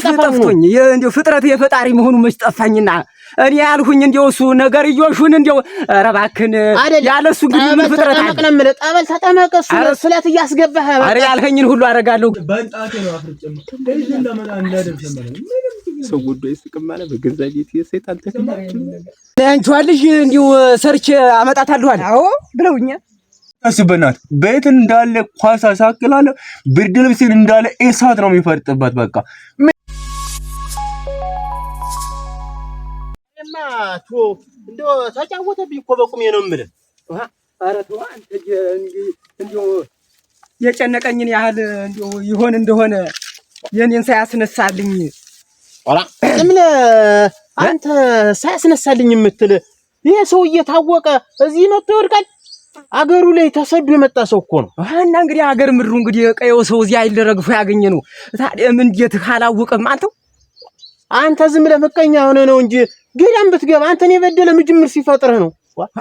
ጠፍቶኝ እንዲያው ፍጥረት የፈጣሪ መሆኑ መች ጠፋኝና እኔ ያልሁኝ እንዲያው እሱ ነገር እዮሹን እንዲያው ኧረ እባክህን ያለ እሱ እንግዲህ ምን ፍጥረት አለ? ጠበል ተጠመቅ፣ እሱ ስለት እያስገባህ ኧረ ያልኸኝን ሁሉ አደርጋለሁ። ሰው ወዶ በገዛ ቤት የሰይጣን ተከማች እንዲሁ ሰርች አመጣታለሁ አዎ ብለውኛል። አስበናት ቤት እንዳለ ኳስ ብርድ እንዳለ እሳት ነው የሚፈርጥበት በቃ ተው እንደው ተጫወተብኝ እኮ በቁሜ ነው የምልህ። ኧረ ተው አንተ እንደው የጨነቀኝን ያህል እንደው ይሆን እንደሆነ የኔን ሳያስነሳልኝ ኧረ ምን አንተ ሳያስነሳልኝ የምትል ይሄ ሰው እየታወቀ እዚህ መጥቶ ይወድቃል። አገሩ ላይ ተሰዶ የመጣ ሰው እኮ ነው። እና እንግዲህ አገር ምድሩ እንግዲህ ቀየው ሰው እዚያ ይደረግፎ ያገኘ ነው። ታዲያ ምን እንዴት ካላወቀም አንተው አንተ ዝም ብለህ ምቀኛ ሆነ ነው እንጂ ገዳም ብትገባ አንተን የበደለ ምጅምር ሲፈጥርህ ነው።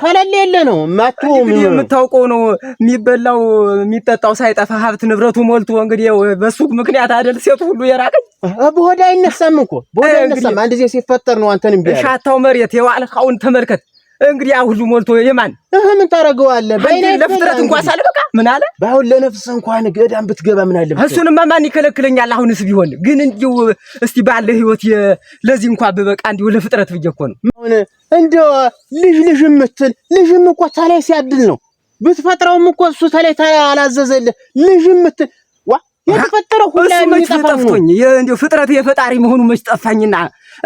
ከለል የለ ነው ማቱ የምታውቀው ነው የሚበላው የሚጠጣው ሳይጠፋ ሀብት ንብረቱ ሞልቶ እንግዲህ በሱ ምክንያት አደል ሴቱ ሁሉ የራቀኝ። በሆዳ አይነሳም እኮ በሆዳ አይነሳም። አንድ ጊዜ ሲፈጠር ነው አንተን ቢያለ ሻታው መሬት የዋልኸውን ተመልከት እንግዲህ አሁን ሞልቶ የማን ምን ታደርገዋለህ? ለፍጥረት እንኳን ሳልበቃ ምን አለ በአሁን ለነፍስ እንኳን ገዳም ብትገባ ምን አለ? እሱንማ ማን ይከለክለኛል? አሁንስ ቢሆን ግን እንዲሁ እስቲ ባለ ህይወት ለዚህ እንኳን ብበቃ እንዲሁ ለፍጥረት ብዬ እኮ ነው። አሁን እንዲሁ ልጅ ልጅ የምትል ልጅም እኮ ተላይ ሲያድል ነው ብትፈጥረውም እኮ እሱ ተላይ አላዘዘልህ ልጅ የምትል ዋ የተፈጠረው ሁላ ጠፍቶኝ እንዲሁ ፍጥረት የፈጣሪ መሆኑ መች ጠፋኝና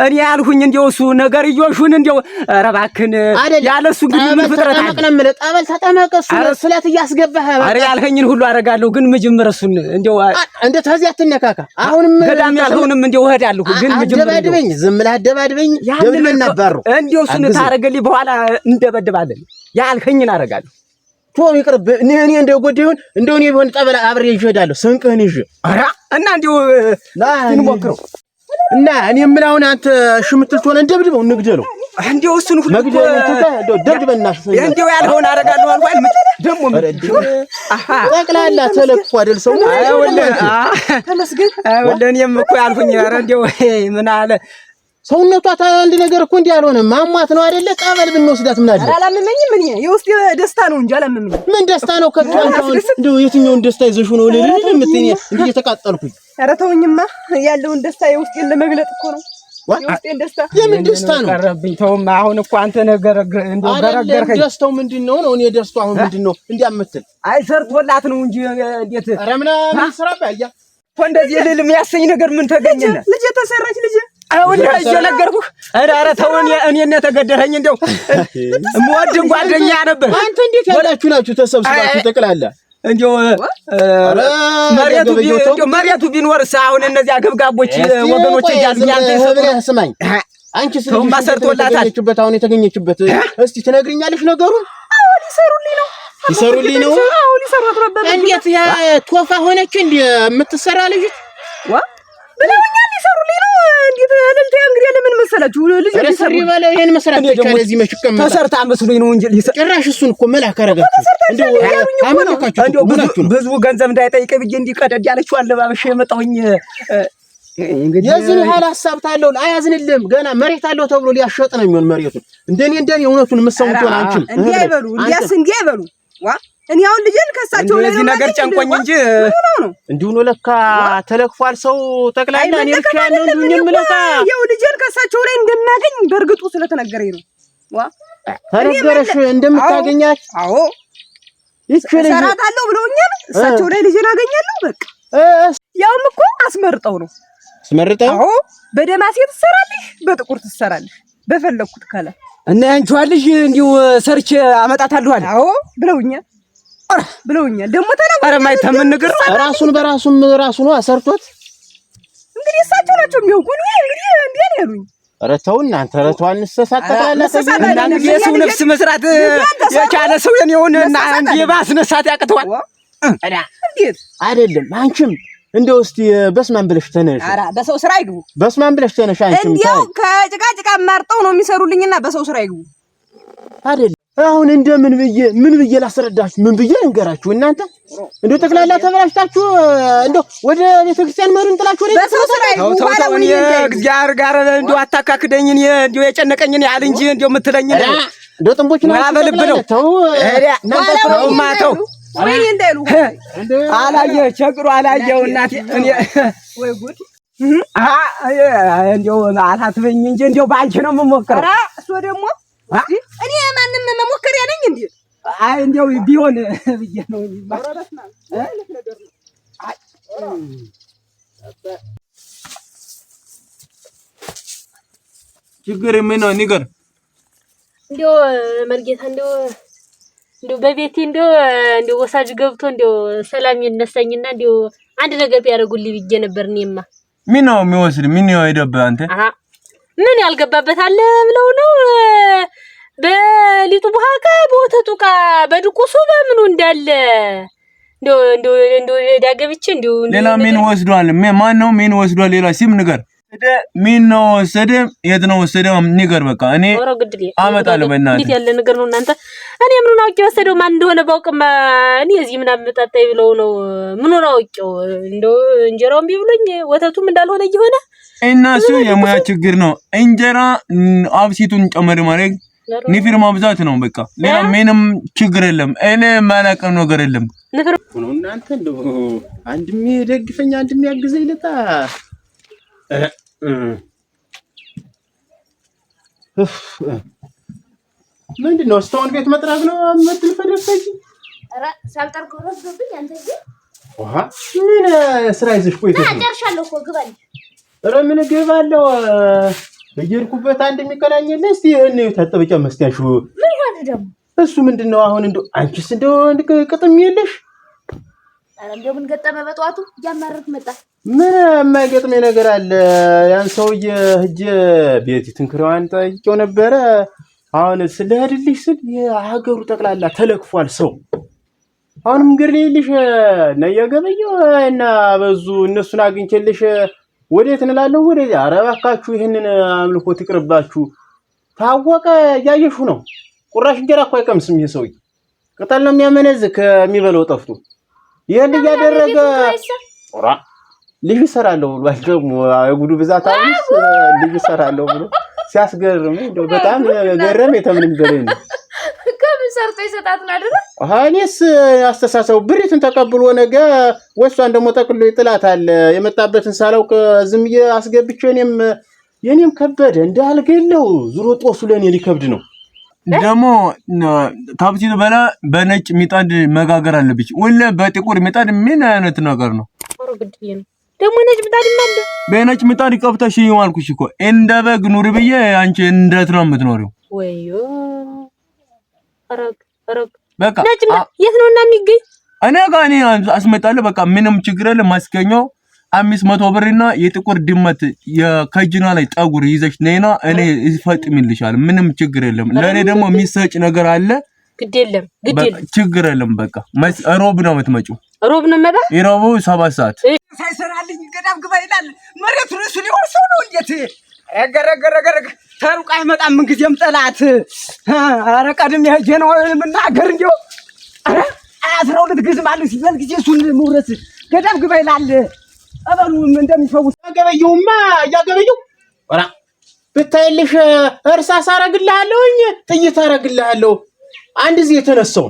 እኔ ያልሁኝ እንደው እሱ ነገር እዮሹን እንደው ኧረ እባክህን ያለ እሱ እንግዲህ ምን ፍጥረት አለ? ጠበል ተጠመቀ እሱ ስለት እያስገባህ ኧረ ያልኸኝን ሁሉ አደርጋለሁ። ግን መጀመር እሱን እንደው እንደ ተዚያ አትነካካ። አሁንም ገዳም ያልሁንም እንደው እሄዳለሁ። ግን መጀመር አደባድበኝ፣ ዝም ብለህ አደባድበኝ። ደብድበን ነበር እንደው እሱን ታደርግልኝ በኋላ እንደበድባለን። ያልኸኝን አደርጋለሁ። ቶም ይቅርብ። እኔ እኔ እንደው ጎዴውን እንደው እኔ ቢሆን ጠበል አብሬ ይሄዳለሁ። እሄዳለሁ። ስንቅህን ይዤ ኧረ እና እንደው እንሞክረው እና እኔ ምን አሁን አንተ እሺ የምትል ትሆነ እንደብድበው እንግደለው። እንደው እሱን ሁሉ እንደው ያልኸውን አደርጋለሁ አልኳት። ደግሞ ጠቅላላ ተለቅፎ አይደል ሰው ተመስገን። እኔም እኮ ያልሁኝ ኧረ እንደው ምን አለ ሰውነቷ አንድ ነገር እኮ እንዲህ አልሆነም። ማሟት ነው አይደለ? ጸበል ብንወስዳት ምን አለ? አላመመኝም። ምን የውስጥ ደስታ ነው እንጂ አላመመኝም። ምን ደስታ ነው? የትኛውን ደስታ ይዘሹ ነው ልልል የምትይኝ? እንዲህ የተቃጠልኩኝ። ኧረ ተውኝማ፣ ያለውን ደስታ የውስጤን ለመግለጥ እኮ ነው። የምን ደስታ ነው? ቀረብኝ። አሁን እኮ አንተ ነገር እንደው ገረገርከኝ። ደስታው ነው? እኔ ደስታው አሁን አይ ሰርቶላት ነው እንጂ እንዴት? ኧረ ስራ ባያ እንደዚህ ልል የሚያሰኝ ነገር ምን ተገኘ? ልጅ ተሰራች ልጅ ይኸውልህ እየነገርኩህ። ኧረ ተው እኔን የተገደረኝ እንደው የምወድን ጓደኛ ነበር። አንተ እንዴት ያላችሁ ናችሁ ተሰብስባችሁ ጠቅላላ እንዲሁ መሬቱ ቢኖርስ አሁን እነዚያ ገብጋቦች ወገኖች ስማኝ አንቺ አሁን የተገኘችበት እስቲ ነው ይሰሩልኝ ነው። እንዴት ቶፋ ሆነች እንዴ የምትሰራ ልጅት ዋ ይሰሩልኝ ነው። እንዴት እልልታ እንግዲህ ለምን መሰላችሁ ልጅ ይሰሩ ይባለው ይሄን መስራት ብቻ ለዚህ መሽከ ተሰርታ መስሎኝ ነው እንጂ ጭራሽ እሱን እኮ መልአክ አረጋችሁ። እንደው ብዙ ገንዘብ እንዳይጠይቀኝ ብዬ እንዲቀደድ ያለችው አለባበሽ የመጣሁኝ የዝን ያህል ሀሳብ ታለው አያዝንልም። ገና መሬት አለው ተብሎ ሊያሸጥ ነው የሚሆን መሬቱን እንደኔ እንደኔ እውነቱን የምትሰሙት ሆነ አንቺም እንዲህ አይበሉ እንዲያስ እንዲህ አይበሉ ዋ እኔ አሁን ልጄን ከሳቸው ላይ ነው ነገር ጨንቆኝ እንጂ እንዲሁ ነው። ለካ ተለክፏል ሰው ጠቅላላ እኔ ልክ ያለው እንዱኝም ምለካ ያው ልጄን ከሳቸው ላይ እንደማገኝ በእርግጡ ስለተነገረኝ ነው። ዋ ተነገረሽ እንደምታገኛት? አዎ ይቺ ልጅ ሰራታለሁ ብለውኛል። እሳቸው ላይ ልጄን አገኛለሁ። በቃ ያውም እኮ አስመርጠው ነው አስመርጠው። አዎ በደማሴ ትሰራልሽ፣ በጥቁር ትሰራልሽ፣ በፈለኩት ካለ እና ያንቺዋን ልጅ እንዲሁ ሰርች አመጣታለሁ አለ። አዎ ብለውኛል። ብለውኛል። ደግሞ ተነው ማይታመን ነገር ራሱን በራሱም ራሱ ነው አሰርቶት። እንግዲህ እሳቸው ናቸው እንግዲህ እንዴ ያሉኝ። ኧረ ተው እናንተ፣ ኧረ ተው የሰው ነፍስ መስራት የቻለ ሰው የኔውን እና የማስነሳት ያቅተዋል። አዳ እንዴት አይደለም አንቺም እንደው እስቲ በስማን ብለሽ ተነሽ። ኧረ በሰው ስራ ይግቡ። በስማን ብለሽ ተነሽ። አንቺም እንደው ከጭቃጭቃ ጭቃ መርጠው ነው የሚሰሩልኝና በሰው ስራ ይግቡ አይደለም አሁን እንደ ምን ብዬ ምን ብዬ ላስረዳችሁ? ምን ብዬ ልንገራችሁ? እናንተ እንደው ጠቅላላ ተበላሽታችሁ እንደው ወደ ቤተ ክርስቲያን መሩን ጥላችሁ ላይ ተው ተው፣ እኔ እግዚአብሔር ጋር እንደው አታካክደኝ። እኔ እንደው የጨነቀኝን ያህል እንጂ እንደው የምትለኝ እንደው ጥንቦች ነው አበልብ ነው። ተው ወይ እንደሉ አላየህ፣ ቸግሮ አላየው። እናቴ እኔ እንደው አላትበኝ እንጂ እንደው በአንቺ ነው የምሞክረው። እሱ ደግሞ እኔ ማንም መሞከሪያ ነኝ እንዴ? አይ እንዲያው ቢሆን ብዬ ነው። ችግር ምን ነው ንገር። እንዲያው መርጌታ እንዲያው እንዲያው በቤቴ እንዲያው እንዲያው ወሳጅ ገብቶ እንዲያው ሰላም ይነሳኝና እንዲያው አንድ ነገር ቢያደርጉልኝ ብዬ ነበር። እኔማ ምን ነው የሚወስድ ምን ነው የሄደብህ አንተ? ምን ያልገባበት አለ ብለው ነው በሊጡ በኋካ በወተቱ ዕቃ በድቁሱ በምኑ እንዳለ ዳገብች እንዲ ሌላ ምን ወስዷል። ማን ነው ምን ወስዷል? ሌላ ሲም ንገር። ምን ነው ወሰደ። የት ነው ወሰደ? ንገር። በቃ እኔ አመጣለሁ። በእናትህ ያለ ነገር ነው እናንተ። እኔ ምኑን አውቄ ወሰደው ማን እንደሆነ ባውቅማ እኔ እዚህ ምን መጣጣይ ብለው ነው ምኑን አውቄው። እንደው እንጀራውን ቢብሉኝ ወተቱም እንዳልሆነ እየሆነ እነሱ የሙያ ችግር ነው። እንጀራ አብሲቱን ጨመር ማድረግ ንፍር ማብዛት ነው። በቃ ሌላ ምንም ችግር የለም። እኔ የማላውቀው ነገር የለም። እናንተ እንደው አንድ የሚደግፈኝ አንድ የሚያግዘኝ ለታ ምንድን ነው እስካሁን ቤት መጥራት ነው ምን ስራ ይዘሽ ቆይተሽ ረምን ምን ግብ አለው? በየሄድኩበት አንድ የሚገናኝ እስቲ እኔ ታጠበጫ መስቲያሹ ምን ሆነ ደግሞ? እሱ ምንድን ነው አሁን? እንደው አንቺስ እንደው ቅጥም የለሽ። ኧረ እንደው ምን ገጠመ? በጠዋቱ እያማረርክ መጣ። ምን የማይገጥሜ ነገር አለ? ያን ሰውዬ ሂጅ ቤት ትንክረዋን ጠይቄው ነበረ። አሁን ስለህድልሽ ስል የሀገሩ ጠቅላላ ተለክፏል ሰው አሁንም ግር ልልሽ እና እና በዙ እነሱን አግኝቼልሽ ወዴት እንላለሁ? ወደ ኧረ እባካችሁ ይህንን አምልኮት ይቅርባችሁ። ታወቀ እያየሹ ነው። ቁራሽ እንጀራ እኮ አይቀምስም ይሄ ሰውዬ። ቅጠል ነው የሚያመነዝ ከሚበለው ጠፍቶ ይህን እያደረገ ቁራ ልጅ ይሰራለሁ ብሏል። ደግሞ የጉዱ ብዛት አሁንስ ልጅ ይሰራለሁ ብሎ ሲያስገርም እንደው በጣም ገረም የተምንም ገረኝ ነው ሰርቶ ይሰጣትና አይደለ? እኔስ አስተሳሰቡ ብሪቱን ተቀብሎ ነገ ወሷን ደግሞ ጠቅሎ ይጥላታል። የመጣበትን ሳላውቅ ዝምዬ አስገብቼው እኔም የኔም ከበደ እንዳልገለው ዙሮ ጦሱ ለእኔ ሊከብድ ነው። ደግሞ ታብቲቱ በላ በነጭ ሚጣድ መጋገር አለብች። ሁሌ በጥቁር ሚጣድ ምን አይነት ነገር ነው? ደግሞ ነጭ ምጣድ ይመል በነጭ ምጣድ ቀብተሽ ይዋልኩሽ እኮ እንደ በግ ኑሪ ብዬ አንቺ እንደት ነው የምትኖሪው? ወዮ በቃ የት ነው እና የሚገኝ? እኔ ጋር እኔ አስመጣለሁ። በቃ ምንም ችግር የለም። ማስገኘው አምስት መቶ ብርና የጥቁር ድመት የከጅና ላይ ጠጉር ይዘሽ ነይና እኔ ይፈጥምልሻል። ምንም ችግር የለም። ለእኔ ደግሞ የሚሰጭ ነገር አለ። ግድ የለም ግድ የለም ችግር የለም። በቃ ሮብ ነው የምትመጪው? ሮብ ነው መጣ የሮቡ ሰባት ሰዓት ሳይሰራልኝ ገዳም ግባ ይላል። መሬት እሱ ሊሆን ሰው ነው እንዴት ገረገረገረገ ተሩቅ አይመጣም ምንጊዜም ጠላት። ኧረ ቀድሜ ሄጄ ነው የምናገር። እንዲያው ኧረ አስራ ሁለት ግዝም አለ ሲባል ጊዜ እሱን ምውረስ ገዳም ግባ ይላል። እበሉ እንደሚፈውስ ያገበየውማ እያገበየው ወራ ብታይልሽ እርሳስ አረግልሃለሁኝ ጥይት አረግልሃለሁ። አንድ ጊዜ የተነሳው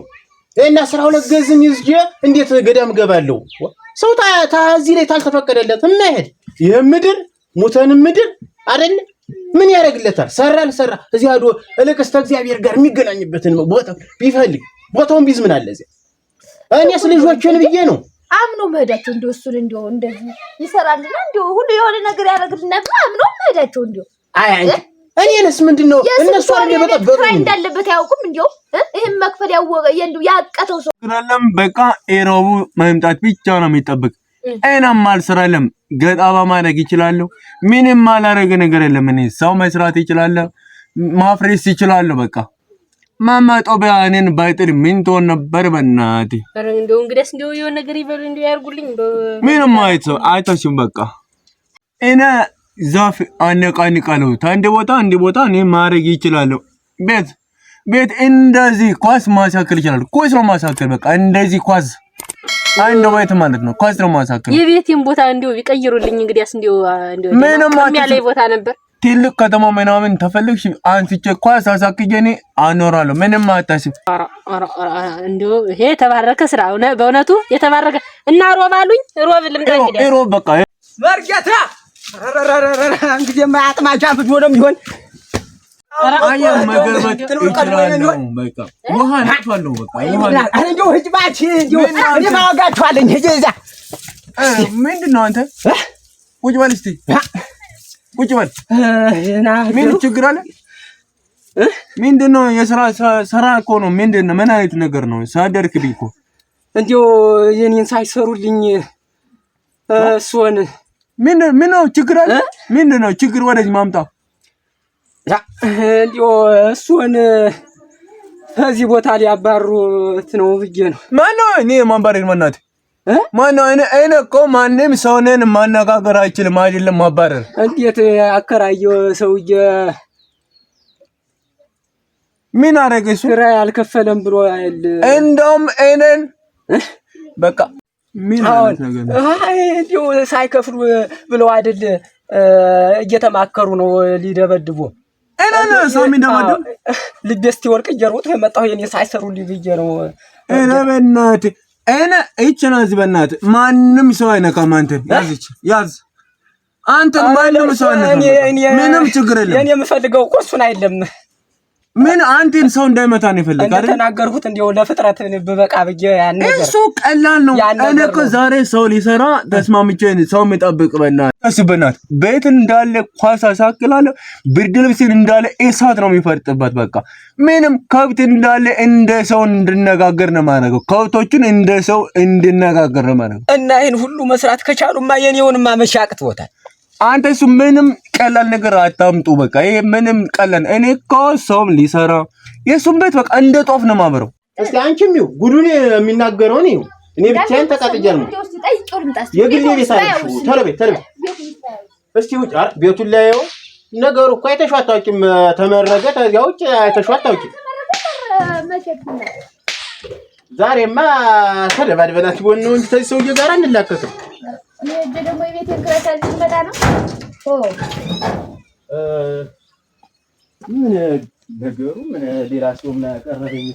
እና አስራ ሁለት ገዝም ይዝጄ እንዴት ገዳም ገባለሁ? ሰው እዚህ ላይ ታልተፈቀደለት የማይሄድ ይህ ምድር ሙተንም ምድር አይደለ? ምን ያደርግለታል? ሰራ አልሰራ እዚህ አዶ እልቅስ እግዚአብሔር ጋር የሚገናኝበትን ቦታ ቢፈልግ ቦታውን ቢዝ ምን አለ እዚያ። እኔስ ልጆችን ብዬ ነው አምኖ መሄዳቸው እንደው እሱን እንደው እንደዚህ ይሰራልና እንደው ሁሉ የሆነ ነገር ያደርግልና አምኖ መሄዳቸው እንደው አይ አንቺ እኔንስ ምንድን ነው እነሱ አይደል የበጠበጡ እንዳለበት አያውቁም። እንዲያው ይህም መክፈል ያወቀ ያቀተው ሰው ግናለም በቃ ኤሮቡ መምጣት ብቻ ነው የሚጠብቅ እናም አልሰራ የለም ገጣባ ማድረግ ይችላለሁ። ምንም አላረገ ነገር የለም። እኔ ሰው መስራት ይችላለሁ፣ ማፍሬስ ይችላለሁ። በቃ ማማ ጦቢያ እኔን ባይጥል ምን ትሆን ነበር? በእናቴ ምንም አይተው አይተሽም በቃ እኔ ዛፍ አነቃንቃለሁ። አንድ ቦታ አንድ ቦታ እኔ ማድረግ ይችላለሁ። ቤት ቤት እንደዚህ ኳስ ማሳከል ይችላል። ኳስ ነው ማሳከል በቃ እንደዚህ ኳስ አይ እንደው ቤት ማለት ነው ኳስ ነው ማሳከም የቤቴን ቦታ እንዲሁ ቢቀይሩልኝ እንግዲያስ እንዲሁ እንዲሁ ያለኝ ቦታ ነበር። ትልቅ ከተማ ምናምን ተፈልግሽ አንስቼ ኳስ አሳክዬ እኔ አኖራለሁ። ምንም አታስብ። እንዲሁ ይሄ የተባረከ ስራ በእውነቱ የተባረከ እና ሮብ አሉኝ። ሮብ ልምጣ እንግዲህ ሮብ በቃ መርጌታ እንግዲህ ማያጥማቻ ፍጆ ነው ይሆን አየር ምንድነው ይችላለሁ። በቃ ውሃ ምንድን ነው አንተ? ቁጭ በል እስኪ ቁጭ በል። ምን ችግር አለ? ምንድን ነው የስራ ስራ እኮ ነው። ምንድን ነው ምን አይነት ነገር ነው? እኮ የኔን ሳይሰሩልኝ እሱን ምን ነው ችግር አለ? ምንድን ነው ችግር? ወደዚህ ማምጣው እንዲሁ እሱን ከዚህ ቦታ ሊያባሩት ነው ብዬ ነው። ማነው? እኔ መናት ማነው? እኔ እኮ ማንም ሰውንን ማነጋገር አይችልም አይደለም ማባረር። እንዴት አከራየው ሰውዬ ምን አደረገ? እሱ ኪራይ አልከፈለም ብሎ አይደል? እንደውም እኔን በቃ ምን አይነት ነገር ነው? አይ እንዲሁ ሳይከፍሉ ብለው አይደል እየተማከሩ ነው ሊደበድቡ ልደስቲ ወርቅ ጀርቦት የመጣሁ የኔ ሳይሰሩልኝ ብዬ ነው። ኧረ በእናትህ እኔ ይችን አዝ በእናትህ ማንም ሰው አይነካም። አንተን ያዝች ያዝ አንተን ማንም ሰው አይነካም። ምንም ችግር የለም። እኔ የምፈልገው እኮ እሱን አይደለም ምን አንድን ሰው እንዳይመታ ነው የፈለግ አይደል? እንደተናገርኩት እንዲያው ለፍጥረት ብበቃ ብዬ ያን ነገር እሱ ቀላል ነው። እኔ እኮ ዛሬ ሰው ሊሰራ ተስማምቼ ሰው የሚጠብቅ በእናትህ በእናትህ ቤት እንዳለ ኳስ አሳክላለሁ፣ ብርድ ልብስን እንዳለ እሳት ነው የሚፈርጥበት። በቃ ምንም ከብት እንዳለ እንደ ሰው እንድነጋገር ነው የማደርገው። ከብቶቹን እንደ ሰው እንድነጋገር ነው የማደርገው። እና ይህን ሁሉ መስራት ከቻሉማ የኔውንማ መሻቅት አቅትቦታል? አንተ እሱ ምንም ቀላል ነገር አታምጡ። በቃ ይሄ ምንም ቀላል እኔ እኮ ሰውም ሊሰራ የእሱም ቤት በቃ እንደ ጧፍ ነው ማበረው። እስቲ አንቺም ይኸው ጉዱን የሚናገረው ነው። እኔ ብቻዬን ተቃጥጃለሁ። የግሌ ቤት አለሽ። ተረቤ ተረቤ እስቲ ውጭ አር ቤቱን ላየው። ነገሩ እኮ አይተሽው አታውቂም። ተመረገ ተዚያ ውጭ አይተሽው አታውቂም። ዛሬማ ተደባድበናት ሆኖ እንጂ ተዚህ ሰውዬ ጋር አንላከትም። እኔ ደግሞ ምን ነገሩ? ምን ሌላ ሰው ምን ያቀረበኝ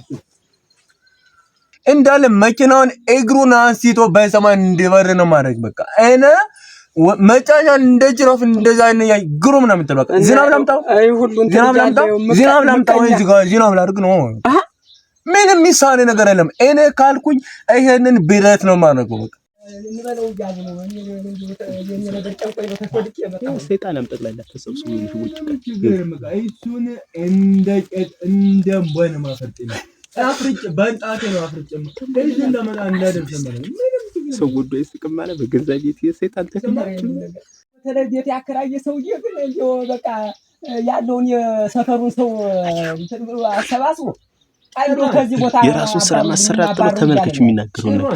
እንዳለ መኪናውን እግሩን አንስቶ በሰማይ እንዲበር ነው ማድረግ። በቃ እኔ መጫጫ እንደ ጅራፍ እንደዛ አይነት ያይ ግሩም ነው የምትለው። በቃ ዝናብ ላምጣው፣ ዝናብ ላምጣው፣ ዝናብ ላምጣው፣ ዝናብ ላድርግ ነው። ምንም የሚሳኔ ነገር የለም። እኔ ካልኩኝ ይሄንን ብረት ነው ማድረግ በቃ እንበለው ተሰብስቦ ሽቦች እሱን እንደ ቄጥ እንደ ማፈርጥ ነው አፍርጭ በንጣቴ ነው አፍርጭ እንደመጣ እንዳደርሰ ሰው ወዶ በገዛ ቤት የሰይጣን በተለይ ቤት ያከራየ ሰውዬ ግን በቃ ያለውን የሰፈሩን ሰው አሰባስቦ ከዚህ ቦታ የራሱን ስራ ማሰራት ብሎ ተመልከች የሚናገረው ነው።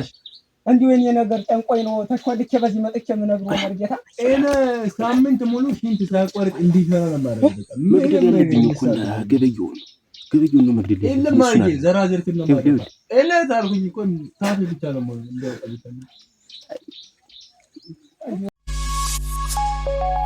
እንዲሁ የኔ ነገር ጠንቆይ ነው። ተሽኮድቼ በዚህ መጥቼ የምነግሩ መርጌታ እኔ ሳምንት ሙሉ ሽንት ሳቆርጥ እንዲሰራ ነበር። መግደል ያለብኝ እኮ ገበየውን ገበየውን ነው መግደል ዘራዘር ታርጉኝ እኮ ብቻ ነው